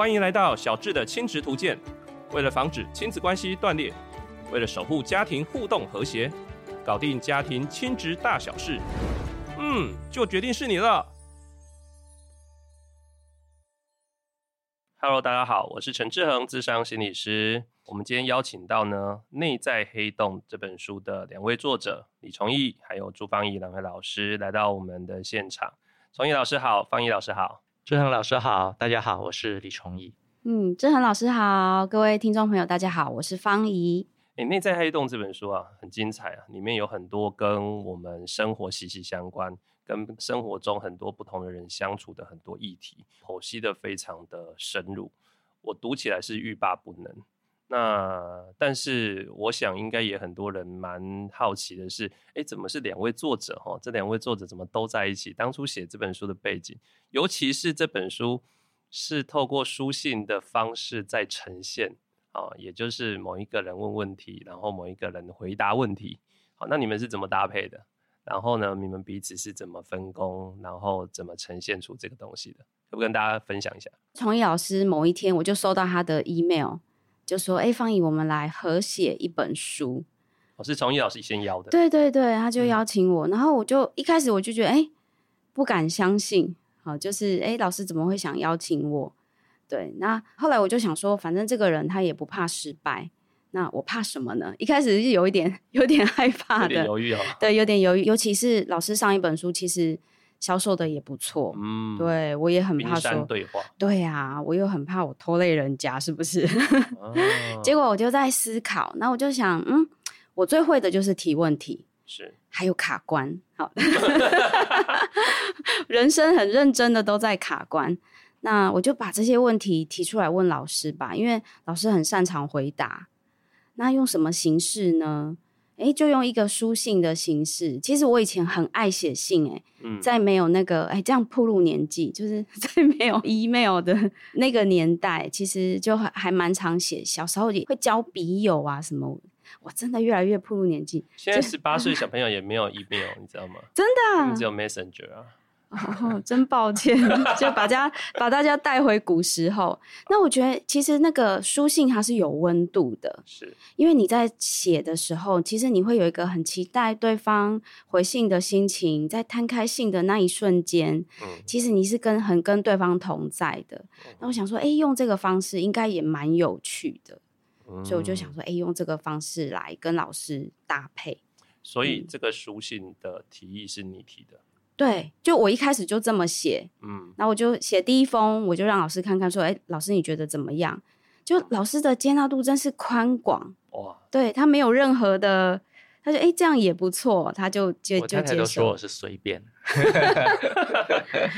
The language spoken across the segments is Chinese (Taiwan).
歡迎來到小志的親職圖鑑。為了防止親子關係斷裂，為了守護家庭互動和諧，搞定家庭親職大小事，嗯，就決定是你了。Hello，大家好，我是陳志恆，諮商心理師。我們今天邀請到呢《內在黑洞》這本書的兩位作者李崇義還有朱芳儀兩位老師來到我們的現場。崇義老師好，芳儀老師好。志恆老師好，大家好，我是李崇義。嗯，志恆老師好，各位聽眾朋友大家好，我是芳儀。哎、欸，《內在黑洞》這本書啊，很精彩啊，裡面有很多跟我們生活息息相關、跟生活中很多不同的人相處的很多議題，剖析得非常的深入，我讀起來是欲罷不能。那，但是我想，應該也很多人蠻好奇的是，哎，怎麼是兩位作者？哦，這兩位作者怎麼都在一起？當初寫這本書的背景，尤其是這本書是透過書信的方式在呈現哦，也就是某一個人問問題，然後某一個人回答問題。好，那你們是怎麼搭配的？然後呢，你們彼此是怎麼分工，然後怎麼呈現出這個東西的？可不跟大家分享一下？崇義老師，某一天我就收到他的 email。就說：“哎，芳儀，我們來合寫一本書。哦”我是崇義老師先邀的。對對對，他就邀請我，嗯、然後我就一開始我就覺得，哎，不敢相信，好、哦，就是哎，老師怎麼會想邀請我？對，那後來我就想說，反正這個人他也不怕失敗，那我怕什麼呢？一開始是有一點、有點害怕的，有點猶豫、哦、對，有點猶豫，尤其是老師上一本書，其實。銷售的也不錯，嗯、對我也很怕說，對呀、啊，我又很怕我拖累人家，是不是、 啊？結果我就在思考，那我就想，嗯，我最會的就是提問題是，還有卡關，好， 人生很認真的都在卡關。那我就把這些問題提出來問老師吧，因為老師很擅長回答。那用什麼形式呢？誒，就用一個書信的形式。其實我以前很愛寫信誒，哎、嗯，在沒有那個哎這樣暴露年紀，就是在沒有 email 的那個年代，其實就還還蠻常寫。小時候也會交筆友啊什麼。我真的越來越暴露年紀。現在十八歲小朋友也沒有 email， 你知道嗎？真的、啊，你只有 Messenger 啊。哦、真抱歉， 就把家 把大家帶回古時候。那我覺得，其實那個書信它是有溫度的，是，因為你在寫的時候，其實你會有一個很期待對方回信的心情。在攤開信的那一瞬間，嗯、其實你是跟很跟對方同在的。嗯、那我想說，哎，用這個方式應該也蠻有趣的，嗯、所以我就想說，哎，用這個方式來跟老師搭配。所以這個書信的提議是你提的。對，就我一開始就這麼寫，嗯，然後我就寫第一封，我就讓老師看看，說，哎，老師你覺得怎麼樣？就老師的接納度真是寬廣，哇，對他沒有任何的，他說，哎，這樣也不錯，他就接就，就接受。我太太都說我是隨便，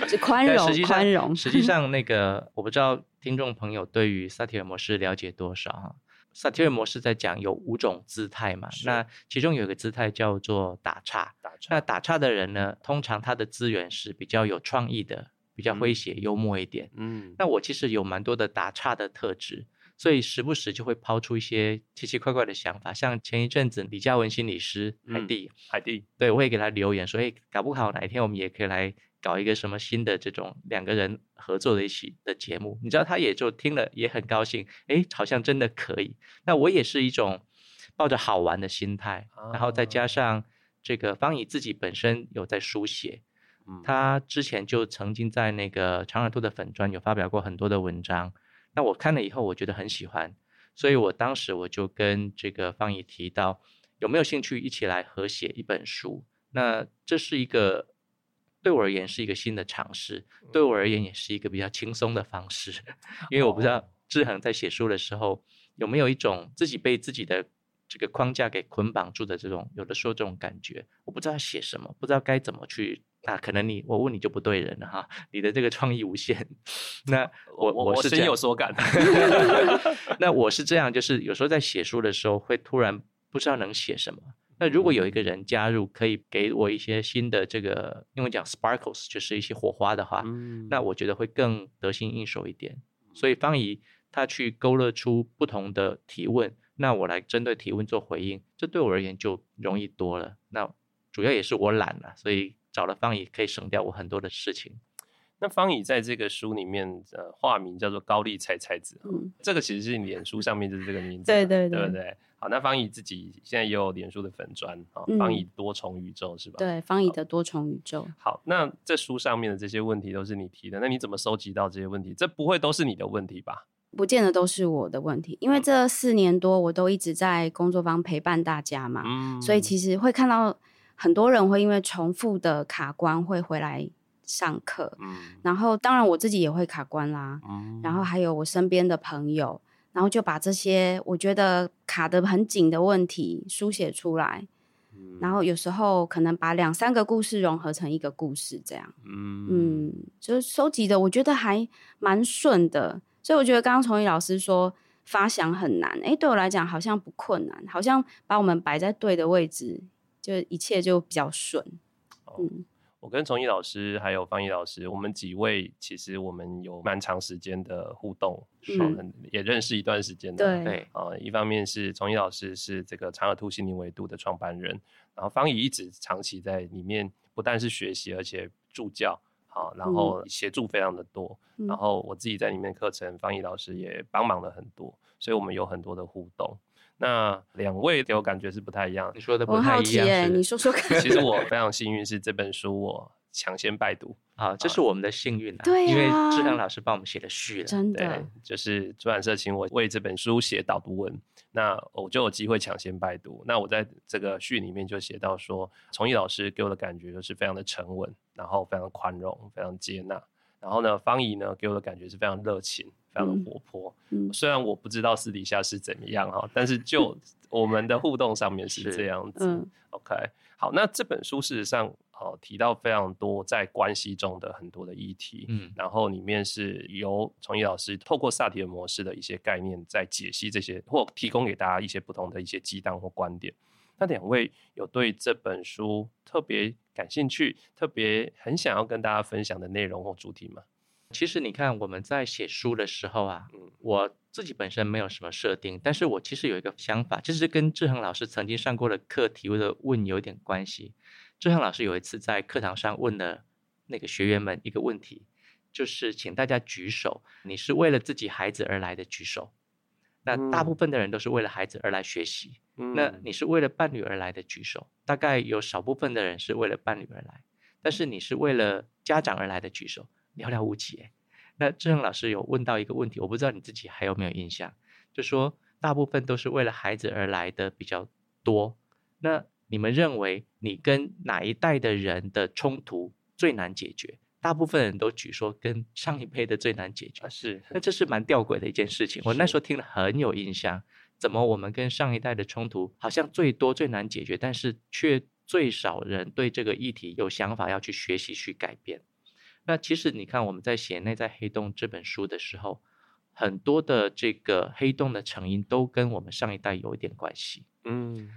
是 寬容，寬容。實際上，那個我不知道聽眾朋友對於薩提爾模式了解多少啊？Satir 模式在講有五種姿態嘛，那其中有一個姿態叫做打岔。打岔。那打岔的人呢，通常他的資源是比較有創意的，比較詼諧、嗯、幽默一點。嗯。那我其實有蠻多的打岔的特質，所以時不時就會拋出一些奇奇怪怪的想法。像前一陣子李嘉文心理師海蒂、嗯，海蒂，對，我也給他留言說，所以搞不好哪一天我們也可以來。搞一個什麼新的這種兩個人合作的一起的節目，你知道他也就聽了也很高興，哎，好像真的可以。那我也是一種抱着好玩的心態，哦、然後再加上這個芳儀自己本身有在書寫、嗯，他之前就曾經在那個長耳兔，兔的粉專有發表過很多的文章。那我看了以後，我覺得很喜歡，所以我當時我就跟這個芳儀提到，有沒有興趣一起來合寫一本書？那這是一個、嗯。對我而言是一個新的嘗試，對我而言也是一個比較輕鬆的方式，因為我不知道志恆在寫書的時候、哦、有沒有一種自己被自己的這個框架給捆綁住的這種有的時候這種感覺，我不知道寫什麼，不知道該怎麼去啊。可能你我問你就不對人了哈，你的這個創意無限。那我我我是真有所感。 那我是這樣，就是有時候在寫書的時候會突然不知道能寫什麼。那如果有一個人加入，可以給我一些新的這個，因為講 sparkles 就是一些火花的話，嗯、那我覺得會更得心應手一點。所以芳儀他去勾勒出不同的提問，那我來針對提問做回應，這對我而言就容易多了。那主要也是我懶了、啊，所以找了芳儀可以省掉我很多的事情。那芳儀在這個書裡面，的化名叫做高麗菜菜子、嗯，這個其實是臉書上面就是這個名字， 對對對，對不對？好，那芳儀自己現在也有臉書的粉專啊。芳儀多重宇宙是吧？嗯、對，芳儀的多重宇宙。好，好那這書上面的這些問題都是你提的，那你怎麼收集到這些問題？這不會都是你的問題吧？不見得都是我的問題，因為這四年多我都一直在工作坊陪伴大家嘛，嗯、所以其實會看到很多人會因為重複的卡關會回來上課，嗯、然後當然我自己也會卡關啦，嗯、然後還有我身邊的朋友。然後就把這些我覺得卡得很緊的問題書寫出來，嗯，然後有時候可能把兩三個故事融合成一個故事，這樣，嗯，嗯，就收集的我覺得還蠻順的，所以我覺得剛剛崇義老師說發想很難，哎，對我來講好像不困難，好像把我們擺在對的位置，就一切就比較順，嗯。哦我跟崇義老師還有芳儀老師，我們幾位其實我們有蠻長時間的互動，嗯，也認識一段時間的。對，對啊，一方面是崇義老師是這個長耳兔心靈維度的創辦人，然後芳儀一直長期在裡面，不但是學習，而且助教，好、啊，然後協助非常的多。嗯、然後我自己在裡面課程，芳儀老師也幫忙了很多，所以我們有很多的互動。那兩位給我感覺是不太一樣，你說的不太一樣。你說說看。 其實我非常幸運，是這本書我搶先拜讀啊、哦，這是我們的幸運、啊、對、啊、因為志恆老師幫我們寫的序了，真的，對就是出版社請我為這本書寫導讀文，那我就有機會搶先拜讀。那我在這個序裡面就寫到說，崇義老師給我的感覺就是非常的沉穩，然後非常的寬容，非常接納。然後呢，芳儀呢給我的感覺是非常熱情，非常的活潑。嗯、雖然我不知道私底下是怎麼樣哈、嗯，但是就我們的互動上面是這樣子。嗯、o、okay. k 好，那這本書事實上哦、呃、提到非常多在關係中的很多的議題。嗯，然後裡面是由崇義老師透過薩提爾模式的一些概念在解析這些，或提供給大家一些不同的一些激盪或觀點。那兩位有對這本書特別感興趣、特別很想要跟大家分享的內容或主題嗎？其實你看我們在寫書的時候啊，嗯，我自己本身沒有什麼設定，但是我其實有一個想法，其實跟志恆老師曾經上過的課提問的問有點關係。志恆老師有一次在課堂上問了那個學員們一個問題，就是請大家舉手，你是為了自己孩子而來的舉手。那大部分的人都是為了孩子而來學習，嗯，那你是為了伴侶而來的舉手，大概有少部分的人是為了伴侶而來，但是你是為了家長而來的舉手，寥寥無幾哎，欸。那志恆老師有問到一個問題，我不知道你自己還有沒有印象，就說大部分都是為了孩子而來的比較多，那你們認為你跟哪一代的人的衝突最難解決？大部分人都舉說跟上一輩的最難解決，是，那這是蠻弔詭的一件事情。我那時候聽了很有印象，怎麼我們跟上一代的衝突好像最多最難解決，但是卻最少人對這個議題有想法要去學習去改變。那其實你看我們在寫《內在黑洞》這本書的時候，很多的這個黑洞的成因都跟我們上一代有一點關係。嗯。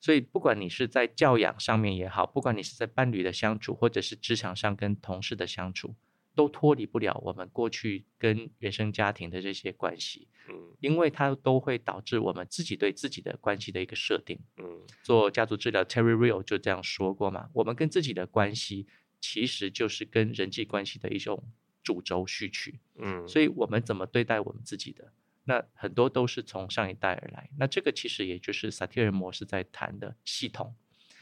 所以，不管你是在教養上面也好，不管你是在伴侶的相處，或者是職場上跟同事的相處，都脫離不了我們過去跟原生家庭的這些關係。嗯，因為它都會導致我們自己對自己的關係的一個設定。嗯，做家族治療，Terry Real 就這樣說過嘛，我們跟自己的關係其實就是跟人際關係的一種主軸序曲。嗯，所以我們怎麼對待我們自己的？那很多都是從上一代而來，那這個其實也就是薩提爾模式在談的系統，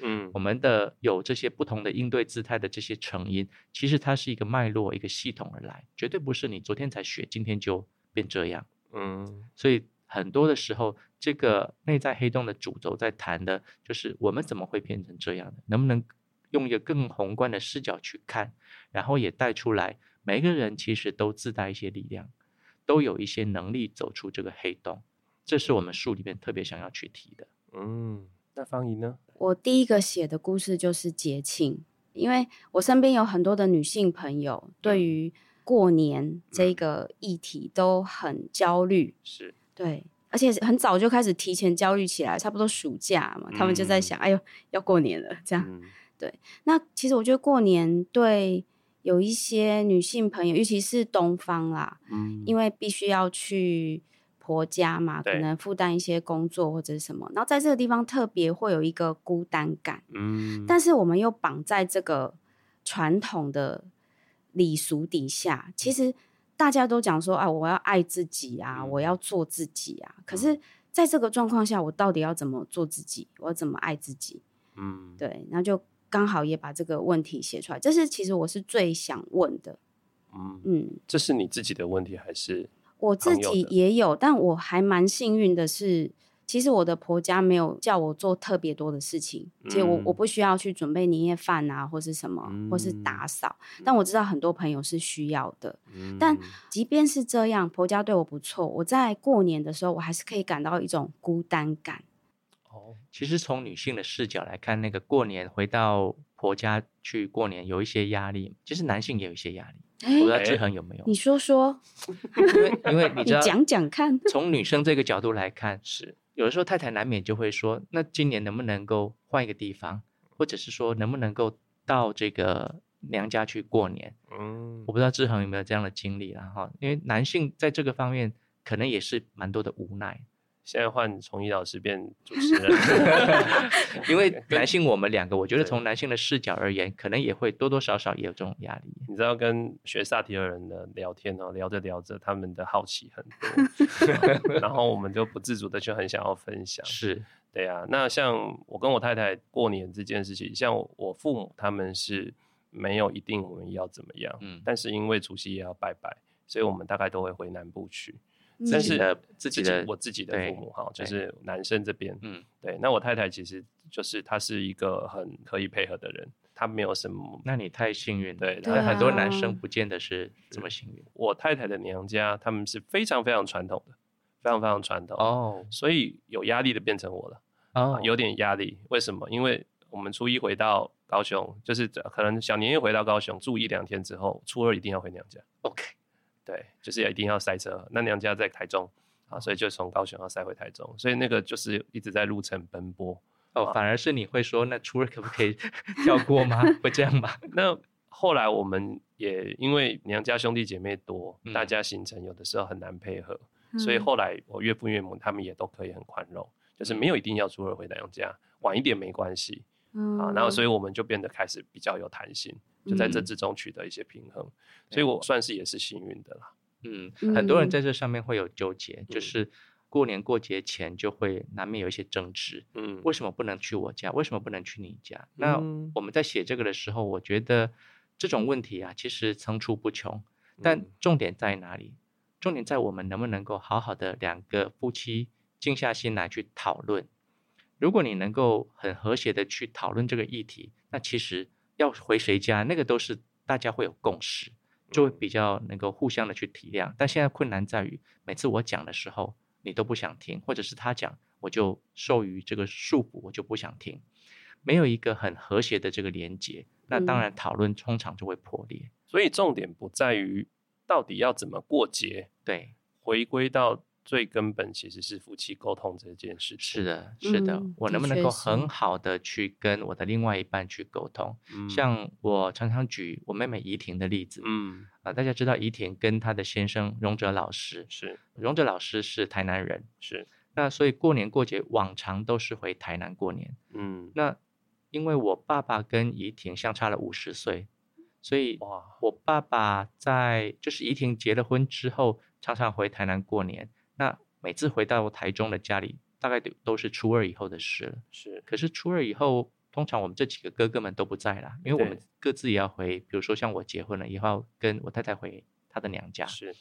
嗯，我們的有這些不同的應對姿態的這些成因，其實它是一個脈絡、一個系統而來，絕對不是你昨天才學，今天就變這樣，嗯，所以很多的時候，這個內在黑洞的主軸在談的就是我們怎麼會變成這樣的？能不能用一個更宏觀的視角去看，然後也帶出來，每個人其實都自帶一些力量。都有一些能力走出這個黑洞，這是我們書裡面特別想要去提的。嗯，那芳儀呢？我第一個寫的故事就是節慶，因為我身邊有很多的女性朋友，對於過年這個議題都很焦慮、嗯。是，對，而且很早就開始提前焦慮起來，差不多暑假嘛，他、嗯、們就在想：“哎呦，要過年了。”這樣、嗯，對。那其實我覺得過年對。有一些女性朋友，尤其是東方啦，嗯，因為必須要去婆家嘛，對，可能負擔一些工作或者是什麼，然後在這個地方特別會有一個孤單感，嗯，但是我們又綁在這個傳統的禮俗底下，嗯，其實大家都講說啊，我要愛自己啊，嗯，我要做自己啊，嗯，可是在這個狀況下，我到底要怎麼做自己？我要怎麼愛自己？嗯，對，然後就。剛好也把這個問題寫出來，這是其實我是最想問的。嗯，這是你自己的問題還是？我自己也有，但我還蠻幸運的是，其實我的婆家沒有叫我做特別多的事情，嗯、所以我我不需要去準備年夜飯啊，或是什麼、嗯，或是打掃。但我知道很多朋友是需要的、嗯，但即便是這樣，婆家對我不錯，我在過年的時候，我還是可以感到一種孤單感。其實從女性的視角來看，那個過年回到婆家去過年有一些壓力，其實男性也有一些壓力。欸、我不知道志恆有沒有？你說說， 因為因為你知道，你講講看 從女生這個角度來看，是有的時候太太難免就會說：“那今年能不能夠換一個地方，或者是說能不能夠到這個娘家，去過年？”嗯，我不知道志恆有沒有這樣的經歷、啊，啦。後因為男性在這個方面可能也是蠻多的無奈。現在換崇義老師變主持人 因為男性我們兩個，我覺得從男性的視角而言，可能也會多多少少也有這種壓力、嗯。你知道跟學薩提爾人的聊天哦、啊，聊着聊着，他們的好奇很多， 然後我們就不自主的就很想要分享。是對呀、啊，那像我跟我太太過年這件事情，像我父母他們是沒有一定我們要怎麼樣，嗯、但是因為除夕也要拜拜，所以我們大概都會回南部去。但是的自己的，、嗯、自己的，自己的我自己的父母哈，就是男生這邊，嗯，對。那我太太其實就是她是一個很可以配合的人，她沒有什麼。那你太幸運了，對。對啊，很多男生不見得是這麼幸運。我太太的娘家他們是非常非常傳統的，非常非常傳統哦。所以有壓力的變成我了，哦、啊，有點壓力。為什麼？因為我們初一回到高雄，就是可能小年夜回到高雄住一兩天之後，初二一定要回娘家。OK。對，就是一定要塞車。那娘家在台中啊，所以就從高雄要塞回台中，所以那個就是一直在路程奔波。哦，哦反而是你會說，那初二可不可以跳過嗎？會 這樣嗎？那後來我們也因為娘家兄弟姐妹多，大家行程有的時候很難配合，嗯、所以後來我岳父岳母他們也都可以很寬容，就是沒有一定要初二回娘家，晚一點沒關係。嗯，好，然後所以我們就變得開始比較有彈性，就在這之中取得一些平衡、嗯。所以我算是也是幸運的啦。嗯，很多人在這上面會有糾結、嗯，就是過年過節前就會難免有一些爭執。嗯，為什麼不能去我家？為什麼不能去你家？嗯、那我們在寫這個的時候，我覺得這種問題啊，其實層出不窮。但重點在哪裡？重點在我們能不能夠好好的兩個夫妻靜下心來去討論。如果你能夠很和諧的去討論這個議題，那其實要回誰家，那個都是大家會有共識，就會比較能夠互相的去體諒。但現在困難在於，每次我講的時候，你都不想聽，或者是他講，我就受於這個束縛，我就不想聽。沒有一個很和諧的這個連接，那當然討論通常就會破裂。嗯。所以重點不在於到底要怎麼過節，對，回歸到。最根本其實是夫妻溝通這件事情。是的，是的，嗯，我能不能夠很好的去跟我的另外一半去溝通，嗯？像我常常舉我妹妹怡婷的例子。嗯，啊，大家知道怡婷跟她的先生榮哲老師是榮哲老師是台南人。是，那所以過年過節往常都是回台南過年。嗯，那因為我爸爸跟怡婷相差了五十歲，所以哇，我爸爸在，就是怡婷結了婚之後，常常回台南過年。那每次回到台中的家裡，大概都都是初二以後的事了。是，可是初二以後，通常我們這幾個哥哥們都不在了，因為我們各自也要回，比如說像我結婚了，以後，跟我太太回她的娘家。是，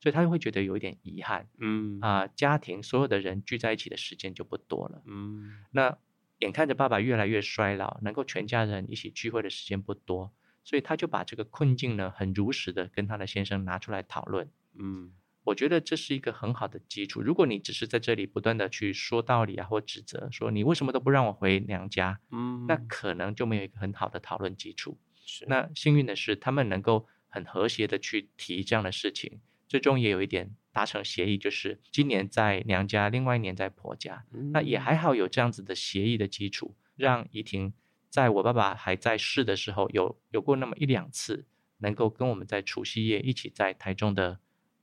所以她就會覺得有一點遺憾。嗯啊，家庭所有的人聚在一起的時間就不多了。嗯，那眼看着爸爸越來越衰老，能夠全家人一起聚會的時間不多，所以她就把這個困境呢，很如實的跟她的先生拿出來討論。嗯。我覺得這是一個很好的基礎。如果你只是在這裡不斷地去說道理啊，或指責，說你為什麼都不讓我回娘家，嗯，那可能就沒有一個很好的討論基礎。是。那幸運的是，他們能夠很和諧的去提這樣的事情，最終也有一點達成協議，就是今年在娘家，另外一年在婆家。嗯。那也還好有這樣子的協議的基礎，讓怡婷在我爸爸還在世的時候，有有過那麼一兩次，能夠跟我們在除夕夜一起在台中的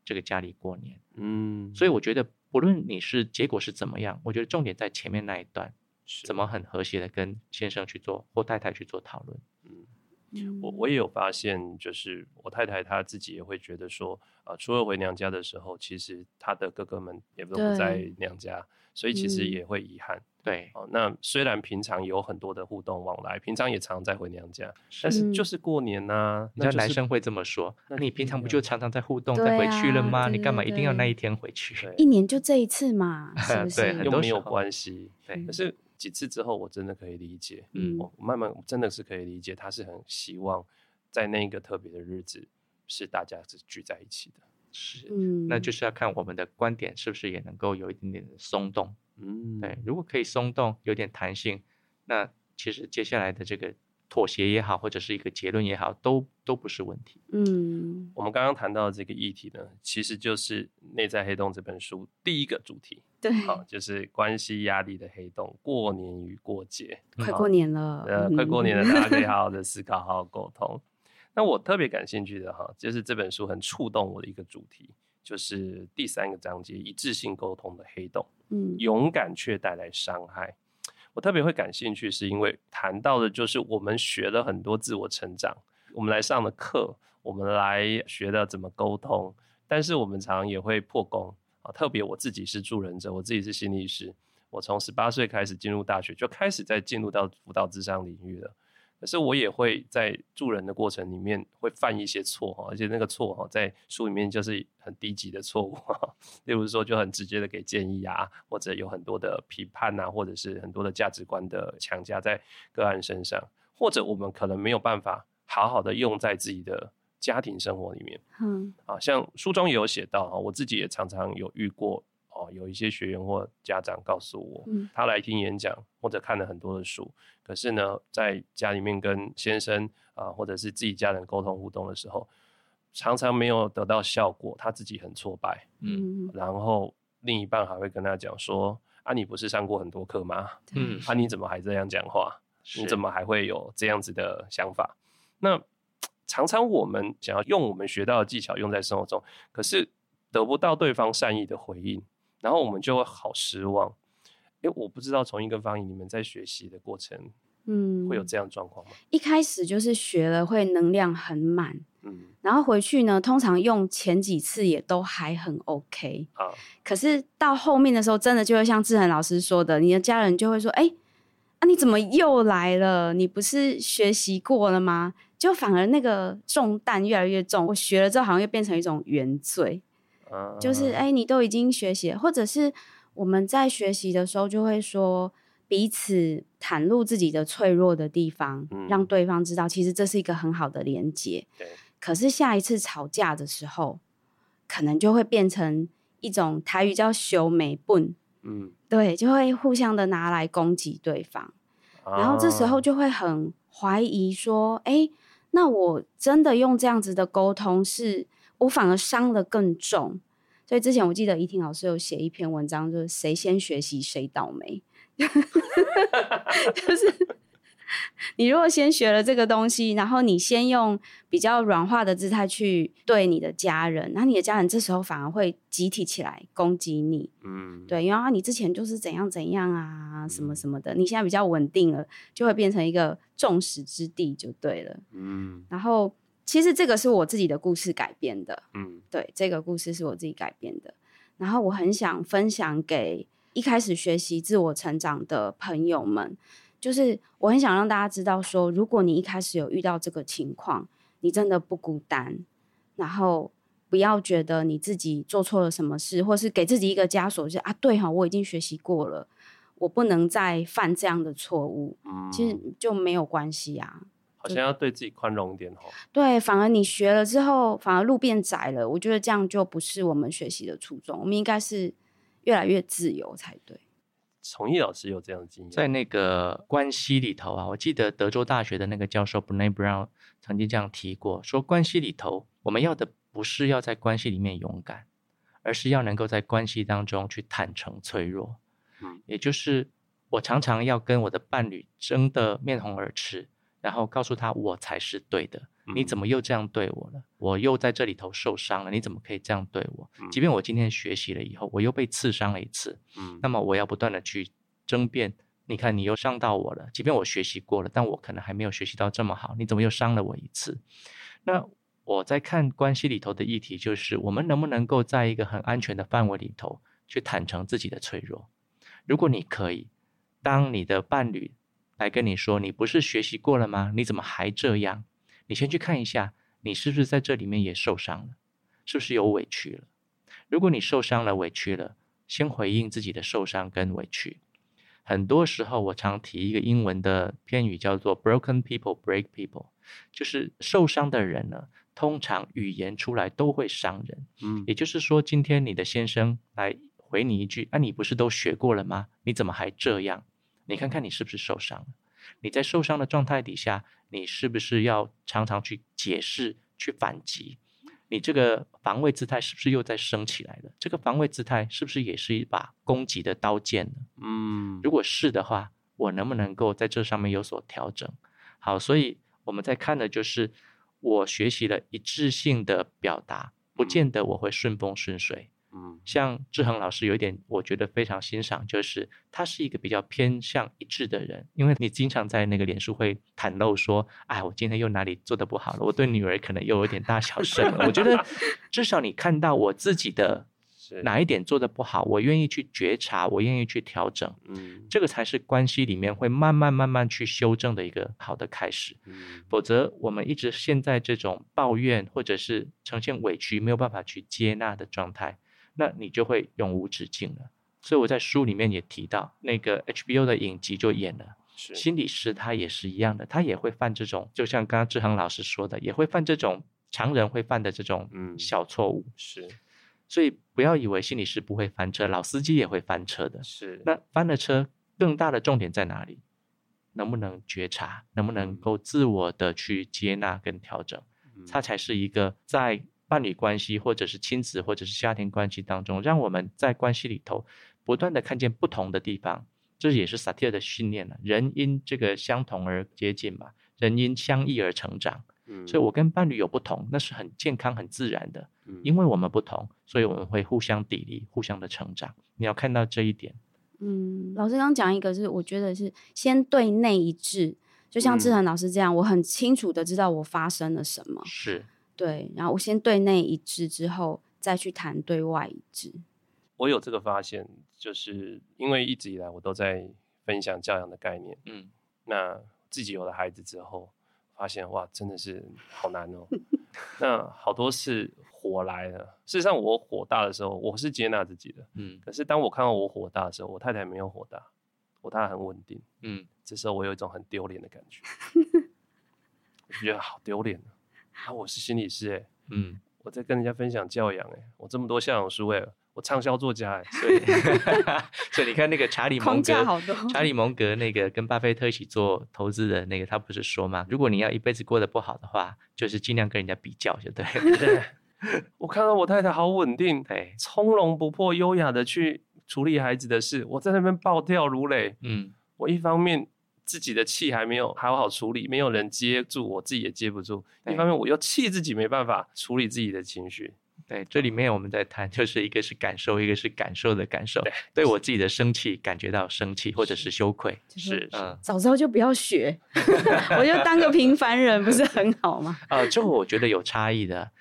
這個家裡過年，嗯，所以我覺得不論你是結果是怎麼樣，我覺得重點在前面那一段，是怎麼很和諧的跟先生去做或太太去做討論，嗯，我我也有發現，就是我太太她自己也會覺得說，啊，初二回娘家的時候，其實她的哥哥們也都不在娘家。所以其實也會遺憾，嗯，對。哦，那雖然平常有很多的互動往來，平常也常常在回娘家，嗯、但是就是過年吶，啊，家，嗯就是，男生會這麼說，那你平常不就常常在互動，再，啊、回去了嗎？對對對？你幹嘛一定要那一天回去？一年就這一次嘛， 是不是，啊、對，很多沒有關係。對，但是幾次之後，我真的可以理解，嗯，我慢慢真的是可以理解，他是很希望在那一個特別的日子，是大家是聚在一起的。是,那就是要看我們的觀點是不是也能夠有一點點的鬆動。嗯,對,如果可以鬆動,有點彈性,那其實接下來的這個妥協也好,或者是一個結論也好,都都不是問題。嗯,我們剛剛談到的這個議題呢,其實就是《內在黑洞》這本書第一個主題。對,好、啊,就是關係壓力的黑洞。過年與過節、嗯,快過年了、嗯,呃,快過年了,嗯、大家可以好好的思考,好好溝通。 那我特別感興趣的哈，就是這本書很觸動我的一個主題，就是第三個章節“一致性溝通的黑洞”。嗯，勇敢卻帶來傷害。我特別會感興趣，是因為談到的，就是我們學了很多自我成長，我們來上的課，我們來學的怎麼溝通，但是我們常常也會破功啊。特別我自己是助人者，我自己是心理師，我從十八歲開始進入大學，就開始在進入到輔導諮商領域了。可是我也會在助人的過程裡面會犯一些錯哈，而且那個錯哈在書裡面就是很低級的錯誤，例如說就很直接的給建議啊，或者有很多的批判呐、啊，或者是很多的價值觀的強加在個案身上，或者我們可能沒有辦法好好的用在自己的家庭生活裡面。嗯，啊，像書中也有寫到，我自己也常常有遇過。哦，有一些學員或家長告訴我，嗯，他來聽演講或者看了很多的書，可是呢，在家裡面跟先生啊，呃，或者是自己家人溝通互動的時候，常常沒有得到效果，他自己很挫敗。嗯，然後另一半還會跟他講說：“啊，你不是上過很多課嗎？嗯，啊，你怎麼還這樣講話？你怎麼還會有這樣子的想法？”那常常我們想要用我們學到的技巧用在生活中，可是得不到對方善意的回應。然後我們就會好失望，因為我不知道崇義跟芳儀，你們在學習的過程，嗯，會有這樣的狀況嗎、嗯？一開始就是學了會能量很滿、嗯，然後回去呢，通常用前幾次也都還很 OK，啊，可是到後面的時候，真的就會像志恆老師說的，你的家人就會說，哎、欸，啊你怎麼又來了？你不是學習過了嗎？就反而那個重擔越來越重，我學了之後好像又變成一種原罪。就是哎、欸，你都已經學習了，或者是我們在學習的時候，就會說彼此袒露自己的脆弱的地方，嗯、讓對方知道，其實這是一個很好的連接。可是下一次吵架的時候，可能就會變成一種台語叫“修眉笨”，嗯，對，就會互相的拿來攻擊對方，嗯、然後這時候就會很懷疑說，哎、欸，那我真的用這樣子的溝通是？我反而傷得更重，所以之前我記得怡婷老師有寫一篇文章，就是誰先學習誰倒霉。 就是你如果先學了這個東西，然後你先用比較軟化的姿態去對你的家人，那你的家人這時候反而會集體起來攻擊你。嗯，對，因為啊你之前就是怎樣怎樣啊什麼什麼的，你現在比較穩定了，就會變成一個眾矢之的就對了。嗯，然後。其實這個是我自己的故事改編的，嗯，對，這個故事是我自己改編的。然後我很想分享給一開始學習自我成長的朋友們，就是我很想讓大家知道說，說如果你一開始有遇到這個情況，你真的不孤單，然後不要覺得你自己做錯了什麼事，或是給自己一個枷鎖，就是啊，對哈、哦，我已經學習過了，我不能再犯這樣的錯誤，嗯、其實就沒有關係啊。想要對自己寬容一點好、哦，對，反而你學了之後，反而路變窄了。我覺得這樣就不是我們學習的初衷。我們應該是越來越自由才對。從易老師有這樣的經驗，在那個關係裡頭啊，我記得德州大學的那個教授 b Brown，n 曾經這樣提過，說關係裡頭我們要的不是要在關係裡面勇敢，而是要能夠在關係當中去坦誠脆弱。嗯，也就是我常常要跟我的伴侶爭得面紅耳赤。然後告訴他我才是對的，你怎麼又這樣對我了？嗯、我又在這裡頭受傷了，你怎麼可以這樣對我、嗯？即便我今天學習了以後，我又被刺傷了一次。嗯、那麼我要不斷地去爭辯。你看，你又傷到我了。即便我學習過了，但我可能還沒有學習到這麼好。你怎麼又傷了我一次？那我在看關係裡頭的議題，就是我們能不能夠在一個很安全的範圍裡頭去坦承自己的脆弱？如果你可以，當你的伴侶。來跟你說，你不是學習過了嗎？你怎麼還這樣？你先去看一下，你是不是在這裡面也受傷了？是不是有委屈了？如果你受傷了、委屈了，先回應自己的受傷跟委屈。很多時候，我常提一個英文的片語，叫做 “broken people break people”，就是受傷的人呢，通常語言出來都會傷人。嗯，也就是說，今天你的先生來回你一句：“哎、啊，你不是都學過了嗎？你怎麼還這樣？”你看看你是不是受傷了？你在受傷的狀態底下，你是不是要常常去解釋、去反擊？你這個防衛姿態是不是又在升起來了？這個防衛姿態是不是也是一把攻擊的刀劍呢？嗯，如果是的話，我能不能夠在這上面有所調整？好，所以我們在看的就是我學習了一致性的表達，不見得我會順風順水。像志恆老師有一點，我覺得非常欣賞，就是他是一個比較偏向一致的人，因為你經常在那個臉書會袒露說，哎，我今天又哪裡做的不好了？我對女兒可能又有點大小聲了。我覺得至少你看到我自己的哪一點做的不好，我願意去覺察，我願意去調整，嗯，這個才是關係裡面會慢慢慢慢去修正的一個好的開始。否則我們一直現在這種抱怨或者是呈現委屈，沒有辦法去接納的狀態。那你就會永無止境了。所以我在書裡面也提到，那個 HBO 的影集就演了是心理師，他也是一樣的，他也會犯這種，就像剛剛志恆老師說的，也會犯這種常人會犯的這種小錯誤、嗯。是，所以不要以為心理師不會翻車，老司機也會翻車的。是，那翻了車，更大的重點在哪裡？能不能覺察？能不能夠自我的去接納跟調整？他、嗯、才是一個在伴侶關係，或者是親子，或者是家庭關係當中，讓我們在關係裡頭不斷的看見不同的地方，這也是薩提爾的信念了。人因這個相同而接近嘛，人因相異而成長。嗯。所以我跟伴侶有不同，那是很健康、很自然的。嗯。因為我們不同，所以我們會互相砥礪、互相的成長。你要看到這一點。嗯，老師剛講一個是，是我覺得是先對內一致，就像志恆老師這樣，嗯，我很清楚的知道我發生了什麼。是。對，然後我先對內一致之後，再去談對外一致。我有這個發現，就是因為一直以來我都在分享教養的概念。嗯，那自己有了孩子之後，發現哇，真的是好難哦。 那好多次火來了，事實上我火大的時候，我是接納自己的，嗯，可是當我看到我火大的時候，我太太沒有火大，我太太很穩定，嗯，這時候我有一種很丟臉的感覺， 我覺得好丟臉啊。啊，我是心理師哎、欸，嗯，我在跟人家分享教養哎、欸，我這麼多教養書、欸、我暢銷作家、欸、所以 所以你看那個查理芒格，查理芒格那個跟巴菲特一起做投資的那個，他不是說嘛，如果你要一輩子過得不好的話，就是盡量跟人家比較，就對。嗯、 我看到我太太好穩定，哎，從容不迫、優雅的去處理孩子的事，我在那邊暴跳如雷，嗯，我一方面。自己的氣還沒有好好處理，沒有人接住，我自己也接不住。一方面我又氣自己沒辦法處理自己的情緒。對，對這裡面我們在談，就是一個是感受，一個是感受的感受，對，對我自己的生氣感覺到生氣或者是羞愧是、就是。是，嗯，早知道就不要學， 我就當個平凡人 不是很好嗎？ 呃，這個我覺得有差異的，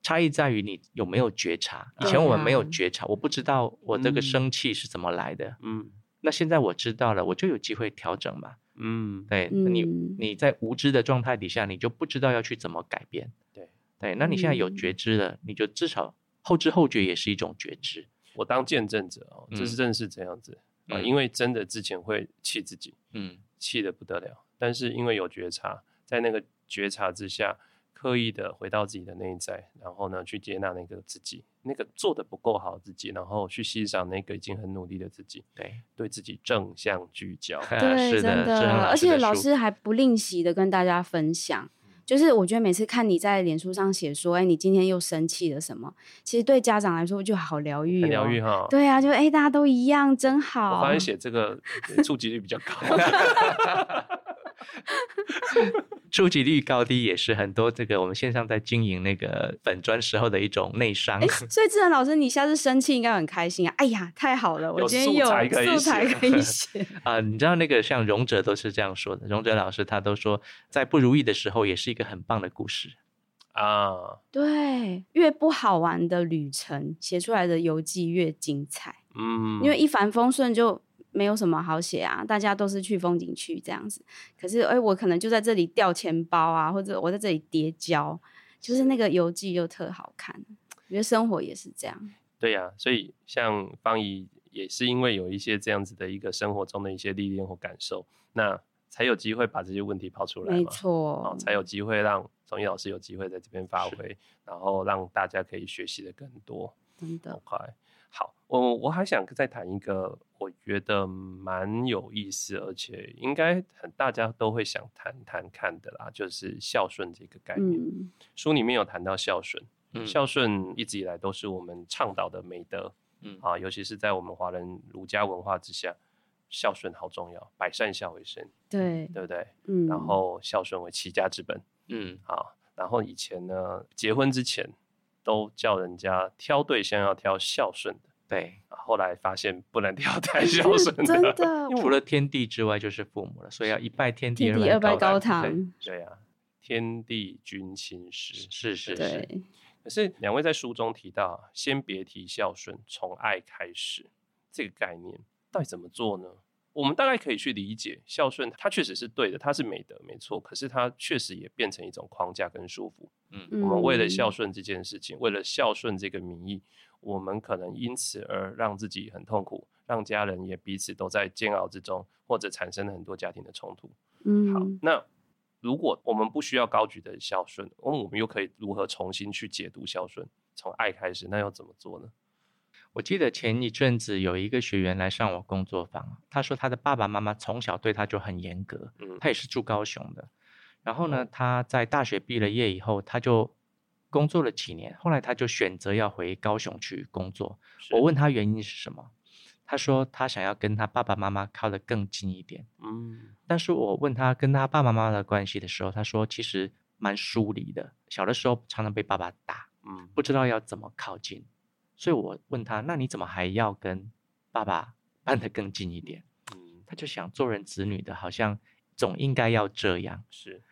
差異在於你有沒有覺察、啊。以前我們沒有覺察，我不知道我這個生氣是怎麼來的。嗯，嗯，那現在我知道了，我就有機會調整嘛。嗯，對，嗯、你你在無知的狀態底下，你就不知道要去怎麼改變。對對，那你現在有覺知了、嗯，你就至少後知後覺也是一種覺知。我當見證者哦，這是正是這樣子，嗯、啊，因為真的之前會氣自己，嗯，氣得不得了。但是因為有覺察，在那個覺察之下。刻意的回到自己的內在，然後呢，去接納那個自己，那個做的不夠好自己，然後去欣賞那個已經很努力的自己，對，對，對自己正向聚焦，對，真的，的，的，的，而且老師、嗯、老師還不吝惜的跟大家分享，就是我覺得每次看你在臉書上寫說，哎，你今天又生氣了什麼？其實對家長來說就好療癒、哦，療癒哈、哦，對啊，就哎，大家都一樣，真好。我發現寫這個觸及率比較高。 收集率高低也是很多這個我們線上在經營那個粉專時候的一種內傷。所以志恆老師，你下次生氣應該很開心啊！哎呀，太好了，我今天有、有素材可以寫。啊、 呃，你知道那個像榮哲都是這樣說的，榮哲老師他都說在不如意的時候也是一個很棒的故事啊、哦。對，越不好玩的旅程寫出來的游記越精彩。嗯，因為一帆風順就。沒有什麼好寫啊，大家都是去風景區這樣子。可是，哎、欸，我可能就在這裡掉錢包啊，或者我在這裡跌跤，就是那個遊記又特好看。我覺得生活也是這樣。對呀、啊，所以像芳儀也是因為有一些這樣子的一個生活中的一些歷練和感受，那才有機會把這些問題拋出來，沒錯。啊、哦，才有機會讓崇義老師有機會在這邊發揮，然後讓大家可以學習的更多，嗯，很快。好，我我還想再談一個，我覺得蠻有意思，而且應該很大家都會想談談看的啦，就是孝順這個概念。嗯、書裡面有談到孝順、嗯，孝順一直以來都是我們倡導的美德，嗯、啊、尤其是在我們華人儒家文化之下，孝順好重要，百善孝為先，對，對不對，對？嗯，然後孝順為齊家之本，嗯，好，然後以前呢，結婚之前。都叫人家挑對象要挑孝順的，對。後來發現不能挑太孝順的， 真的。因為除了天地之外就是父母了，所以要一拜天地，天地二拜高堂。對啊，天地君親師，是是是。可是兩位在書中提到，先別提孝順，從愛開始，這個概念到底怎麼做呢？我們大概可以去理解，孝順它確實是對的，它是美德沒錯。可是它確實也變成一種框架跟束縛。嗯，我們為了孝順這件事情，為了孝順這個名義，我們可能因此而讓自己很痛苦，讓家人也彼此都在煎熬之中，或者產生了很多家庭的衝突。嗯，好，那如果我們不需要高舉的孝順，我們我們又可以如何重新去解讀孝順，從愛開始？那要怎麼做呢？我記得前一陣子有一個學員來上我工作坊，他說他的爸爸媽媽從小對他就很嚴格，嗯，他也是住高雄的，然後呢，他在大學畢了業以後，他就工作了幾年，後來他就選擇要回高雄去工作。我問他原因是什麼？他說他想要跟他爸爸媽媽靠得更近一點。嗯，但是我問他跟他爸爸媽媽的關係的時候，他說其實蠻疏離的，小的時候常常被爸爸打，嗯，不知道要怎麼靠近。所以我問他：“那你怎麼還要跟爸爸搬得更近一點？”嗯，他就想做人子女的，好像總應該要這樣。是，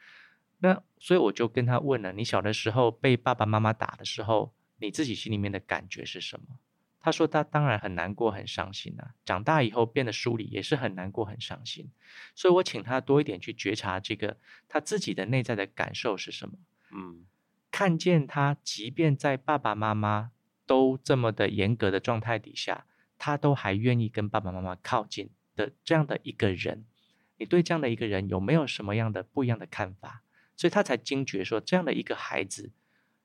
那所以我就跟他問了：“你小的時候被爸爸媽媽打的時候，你自己心裡面的感覺是什麼？”他說：“他當然很難過，很傷心啊。長大以後變得疏離，也是很難過，很傷心。所以，我請他多一點去覺察這個他自己的內在的感受是什麼。嗯，看見他，即便在爸爸媽媽……都這麼的嚴格的狀態底下，他都還願意跟爸爸媽媽靠近的這樣的一個人，你對這樣的一個人有沒有什麼樣的不一樣的看法？所以他才驚覺說，這樣的一個孩子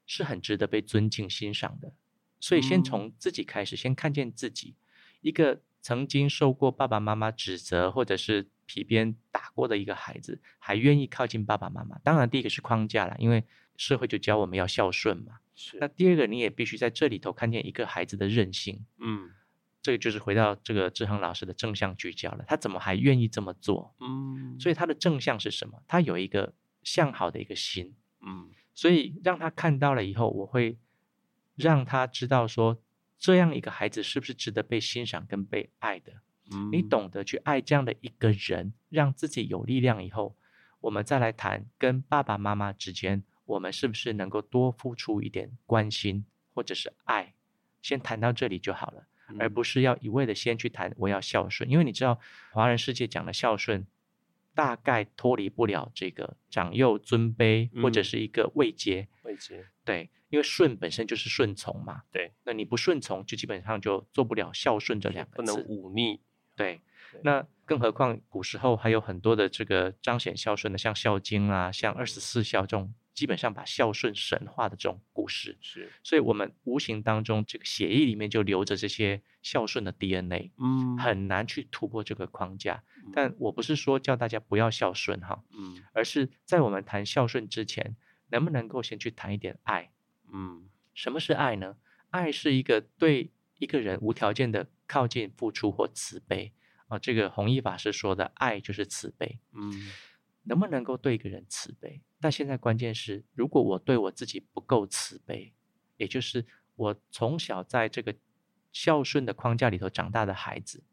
是很值得被尊敬欣賞的。所以先從自己開始，嗯、先看見自己一個曾經受過爸爸媽媽指責或者是皮鞭打過的一個孩子，還願意靠近爸爸媽媽。當然，第一個是框架了，因為。社會就教我們要孝順嘛，是。那第二個，你也必須在這裡頭看見一個孩子的任性，嗯，這個就是回到這個志恆老師的正向聚焦了。他怎麼還願意這麼做？嗯，所以他的正向是什麼？他有一個向好的一個心，嗯，所以讓他看到了以後，我會讓他知道說，這樣一個孩子是不是值得被欣賞跟被愛的。嗯，你懂得去愛這樣的一個人，讓自己有力量以後，我們再來談跟爸爸媽媽之間。我們是不是能夠多付出一點關心或者是愛？先談到這裡就好了，而不是要一味的先去談我要孝順。因為你知道，華人世界講的孝順，大概脫離不了這個長幼尊卑或者是一個位階。位階對，因為順本身就是順從嘛。對，那你不順從，就基本上就做不了孝順這兩個字。不能忤逆。對，那更何況古時候還有很多的這個彰顯孝順的，像《孝經》啊，像二十四孝這種。基本上把孝順神化的這種故事是，所以我們無形當中這個血液裡面就留着這些孝順的 DNA，嗯，很難去突破這個框架。嗯、但我不是說叫大家不要孝順哈，嗯，而是在我們談孝順之前，能不能夠先去談一點愛？嗯，什麼是愛呢？愛是一個對一個人無條件的靠近、付出或慈悲啊。這個弘一法師說的，愛就是慈悲。嗯，能不能夠對一個人慈悲？但現在關鍵是，如果我對我自己不夠慈悲，也就是我從小在這個孝順的框架裡頭長大的孩子，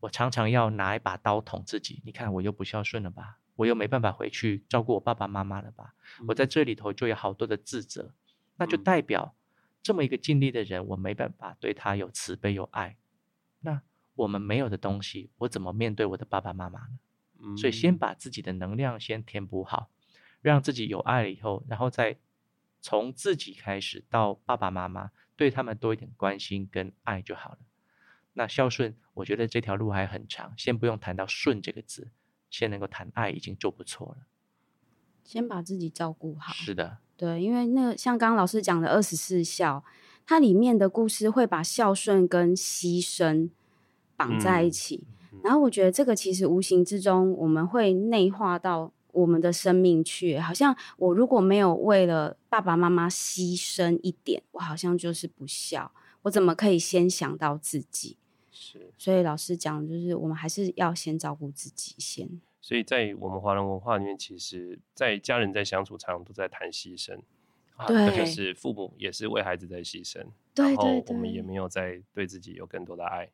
我常常要拿一把刀捅自己。你看，我又不孝順了吧？我又沒辦法回去照顧我爸爸媽媽了吧？嗯。我在這裡頭就有好多的自責，那就代表這麼一個盡力的人，我沒辦法對他有慈悲、有愛。那我們沒有的東西，我怎麼面對我的爸爸媽媽呢？嗯。所以，先把自己的能量先填補好。讓自己有愛了以後，然後再從自己開始到爸爸媽媽，對他們多一點關心跟愛就好了。那孝順，我覺得這條路還很長，先不用談到“順”這個字，先能夠談愛已經就不錯了。先把自己照顧好。是的，對，因為那個像剛剛老師講的二十四孝，它裡面的故事會把孝順跟犧牲綁在一起，嗯，然後我覺得這個其實無形之中我們會內化到。我們的生命去，好像我如果沒有為了爸爸媽媽犧牲一點，我好像就是不孝。我怎麼可以先想到自己？是，所以老師講，就是我們還是要先照顧自己先。所以在我們華人文化裡面，其實在家人在相處常常都在談犧牲，對，就、啊、是父母也是為孩子在犧牲，對，然後我們也沒有在對自己有更多的愛、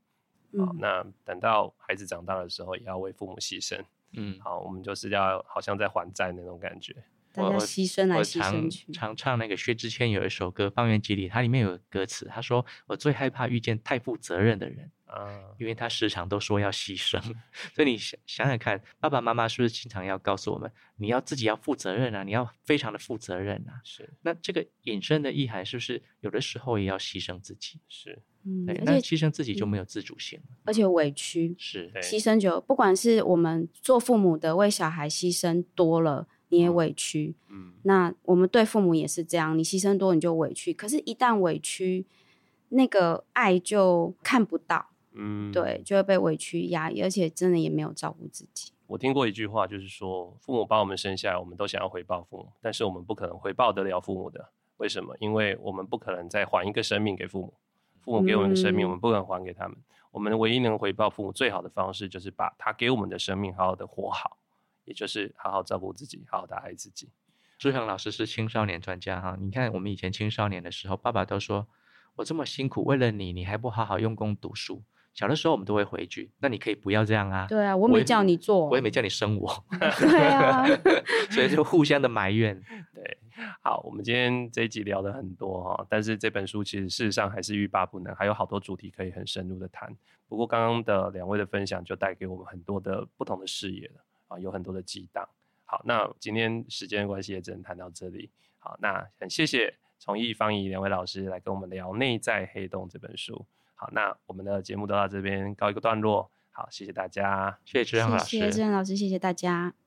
嗯，好。那等到孩子長大的時候，也要為父母犧牲。嗯，好，我們就是要好像在還債那種感覺，大家犧牲來犧牲去。常常唱那個薛之謙有一首歌《方圓幾里》，它裡面有歌詞，他說：“我最害怕遇見太負責任的人，啊、嗯，因為他時常都說要犧牲。 所以你想想看，爸爸媽媽是不是經常要告訴我們，你要自己要負責任啊，你要非常的負責任啊？是。那這個隱身的意涵，是不是有的時候也要犧牲自己？是。嗯對，而且犧牲自己就沒有自主性了，而且委屈是犧牲，就不管是我們做父母的為小孩犧牲多了你也委屈，嗯，那我們對父母也是這樣，你犧牲多你就委屈，可是，一旦委屈，嗯，那個愛就看不到，嗯，對，就會被委屈壓，而且真的也沒有照顧自己。我聽過一句話，就是說父母把我們生下來，我們都想要回報父母，但是我們不可能回報得了父母的，為什麼？因為我們不可能再還一個生命給父母。父母給我們的生命，嗯，我們不能還給他們。我們唯一能回報父母最好的方式，就是把他給我們的生命好好的活好，也就是好好照顧自己，好好的愛自己。志恆老師是青少年專家哈，你看我們以前青少年的時候，爸爸都說我這麼辛苦為了你，你還不好好用功讀書。小的時候我們都會回一句，那你可以不要這樣啊！對啊，我沒叫你做，我也，我也沒叫你生我。 對啊、 所以就互相的埋怨。對，好，我們今天這一集聊了很多哈，但是這本書其實事實上還是欲罷不能，還有好多主題可以很深入的談。不過剛剛的兩位的分享就帶給我們很多的不同的視野了啊，有很多的激盪。好，那今天時間關係也只能談到這裡。好，那很謝謝崇義芳儀兩位老師來跟我們聊《內在黑洞》這本書。好，那我們的節目都到這邊告一個段落。好，謝謝大家，謝謝志恆老師，謝謝志恆老師，謝謝大家。